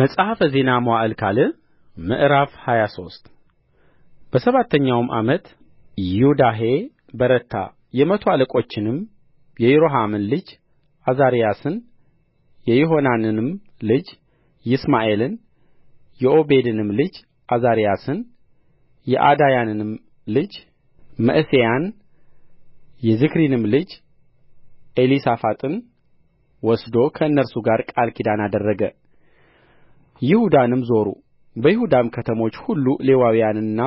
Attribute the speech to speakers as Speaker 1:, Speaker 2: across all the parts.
Speaker 1: መጽሐፈ ዜና መዋዕል ካልዕ ምዕራፍ ሃያ ሶስት በሰባተኛውም ዓመት ዮዳሄ በረታ የመቶ አለቆችንም የይሮሐምን ልጅ ዓዛርያስን የይሆሐናንንም ልጅ ይስማኤልን የዖቤድንም ልጅ ዓዛርያስን የዓዳያንም ልጅ መዕሤያን የዝክሪንም ልጅ ኤሊሳፋጥን ወስዶ ከእነርሱ ጋር ቃል ኪዳን አደረገ ይሁዳንም ዞሩ በይሁዳም ከተሞች ሁሉ ሌዋውያንንና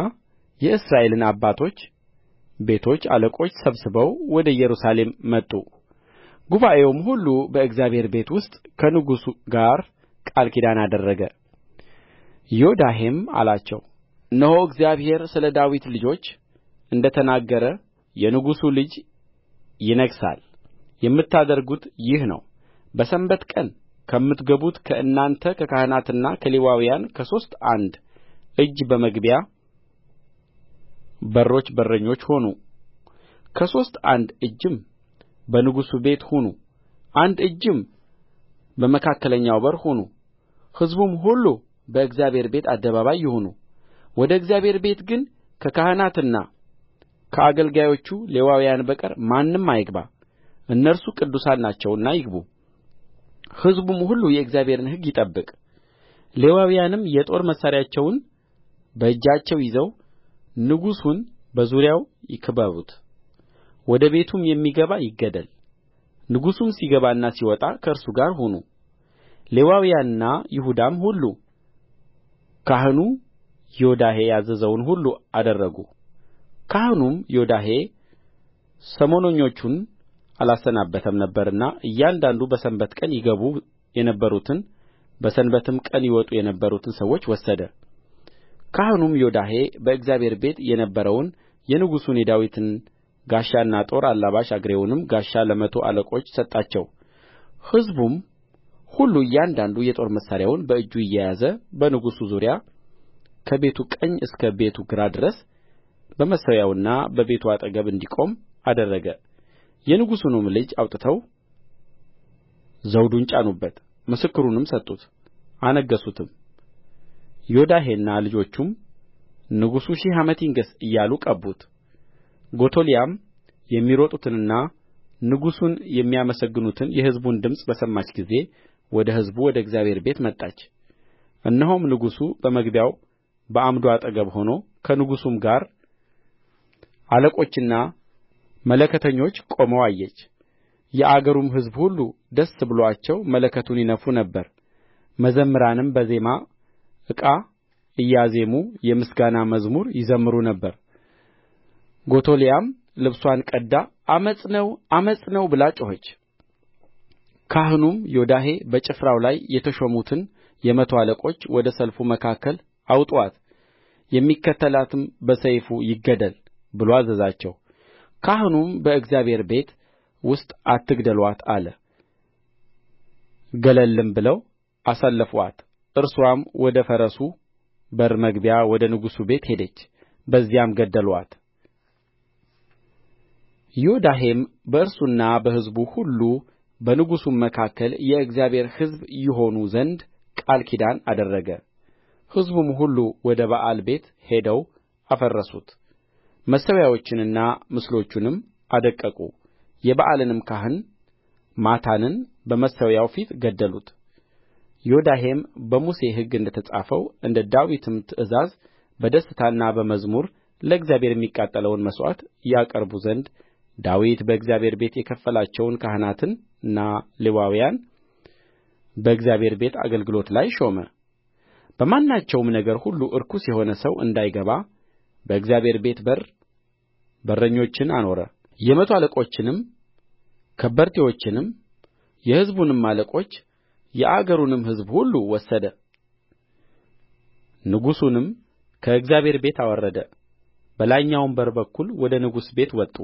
Speaker 1: የእስራኤልን አባቶች ቤቶች አለቆች ሰብስበው ወደ ኢየሩሳሌም መጡ ጉባኤውም ሁሉ በእግዚአብሔር ቤት ውስጥ ከንጉሡ ጋር ቃል ኪዳን አደረገ ዮዳሄም አላቸው እነሆ እግዚአብሔር ስለ ዳዊት ልጆች እንደ ተናገረ የንጉሡ ልጅ ይነግሣል የምታደርጉት ይህ ነው በሰንበት ቀን ከምትገቡት ከእናንተ ከካህናትና ከሌዋውያን ከሦስት አንድ እጅ በመግቢያ በሮች በረኞች ሁኑ ከሦስት አንድ እጅም በንጉሡ ቤት ሁኑ አንድ እጅም በመካከለኛው በር ሁኑ ሕዝቡም ሁሉ በእግዚአብሔር ቤት አደባባይ ይሁኑ ወደ እግዚአብሔር ቤት ግን ከካህናትና ከአገልጋዮቹ ሌዋውያን በቀር ማንም አይግባ እነርሱ ቅዱሳን ናቸውና ይግቡ ሕዝቡም ሁሉ የእግዚአብሔርን ሕግ ይጠብቅ ሌዋውያንም የጦር መሣሪያቸውን በእጃቸው ይዘው ንጉሡን በዙሪያው ይክበቡት ወደ ቤቱም የሚገባ ይገደል ንጉሡም ሲገባና ሲወጣ ከእርሱ ጋር ሁኑ ሌዋውያንና ይሁዳም ሁሉ ካህኑ ዮዳሄ ያዘዘውን ሁሉ አደረጉ ካህኑም ዮዳሄ ሰሞነኞቹን አላሰናበተም ነበርና እያንዳንዱ በሰንበት ቀን ይገቡ የነበሩትን በሰንበትም ቀን ይወጡ የነበሩትን ሰዎች ወሰደ ካህኑም ዮዳሄ በእግዚአብሔር ቤት የነበረውን የንጉሡን የዳዊትን ጋሻና ጦር አላባሽ አግሬውንም ጋሻ ለመቶ አለቆች ሰጣቸው። ሕዝቡም ሁሉ እያንዳንዱ የጦር መሣሪያውን በእጁ እየያዘ በንጉሡ ዙሪያ ከቤቱ ቀኝ እስከ ቤቱ ግራ ድረስ በመሠዊያውና በቤቱ አጠገብ እንዲቆም አደረገ። የንጉሡንም ልጅ አውጥተው ዘውዱን ጫኑበት ምስክሩንም ሰጡት አነገሡትም ዮዳሄና ልጆቹም ንጉሡ ሺህ ዓመት ይንገሥ እያሉ ቀቡት ጎቶልያም የሚሮጡትንና ንጉሡን የሚያመሰግኑትን የሕዝቡን ድምፅ በሰማች ጊዜ ወደ ሕዝቡ ወደ እግዚአብሔር ቤት መጣች እነሆም ንጉሡ በመግቢያው በዓምዱ አጠገብ ሆኖ ከንጉሡም ጋር አለቆችና መለከተኞች ቆመው አየች የአገሩም ሕዝብ ሁሉ ደስ ብሎአቸው መለከቱን ይነፉ ነበር መዘምራንም በዜማ ዕቃ እያዜሙ የምስጋና መዝሙር ይዘምሩ ነበር ጎቶልያም ልብስዋን ቀድዳ ዓመፅ ነው ዓመፅ ነው ብላ ጮኸች ካህኑም ዮዳሄ በጭፍራው ላይ የተሾሙትን የመቶ አለቆች ወደ ሰልፉ መካከል አውጡአት የሚከተላትም በሰይፉ ይገደል ብሎ አዘዛቸው ካህኑም በእግዚአብሔር ቤት ውስጥ አትግደሉአት አለ ገለልም ብለው አሳለፉአት እርስዋም ወደ ፈረሱ በር መግቢያ ወደ ንጉሡ ቤት ሄደች በዚያም ገደሉአት ዮዳሄም በእርሱና በሕዝቡ ሁሉ በንጉሡም መካከል የእግዚአብሔር ሕዝብ ይሆኑ ዘንድ ቃል ኪዳን አደረገ ሕዝቡም ሁሉ ወደ በኣል ቤት ሄደው አፈረሱት መሠዊያዎቹንና ምስሎቹንም አደቀቁ የበኣልንም ካህን ማታንን በመሠዊያው ፊት ገደሉት ዮዳሄም በሙሴ ሕግ እንደ ተጻፈው እንደ ዳዊትም ትእዛዝ በደስታና በመዝሙር ለእግዚአብሔር የሚቃጠለውን መሥዋዕት ያቀርቡ ዘንድ ዳዊት በእግዚአብሔር ቤት የከፈላቸውን ካህናትንና ሌዋውያን በእግዚአብሔር ቤት አገልግሎት ላይ ሾመ። በማናቸውም ነገር ሁሉ ርኩስ የሆነ ሰው እንዳይገባ በእግዚአብሔር ቤት በር በረኞችን አኖረ የመቶ አለቆችንም ከበርቴዎችንም የሕዝቡንም አለቆች የአገሩንም ሕዝብ ሁሉ ወሰደ ንጉሡንም ከእግዚአብሔር ቤት አወረደ በላይኛውም በር በኩል ወደ ንጉሥ ቤት ወጡ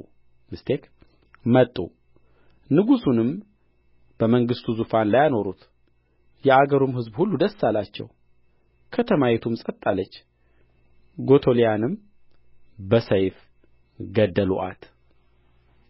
Speaker 1: መጡ ንጉሡንም በመንግሥቱ ዙፋን ላይ አኖሩት የአገሩም ሕዝብ ሁሉ ደስ አላቸው ከተማይቱም ጸጥ አለች ጎቶልያንም በሰይፍ ገደሉአት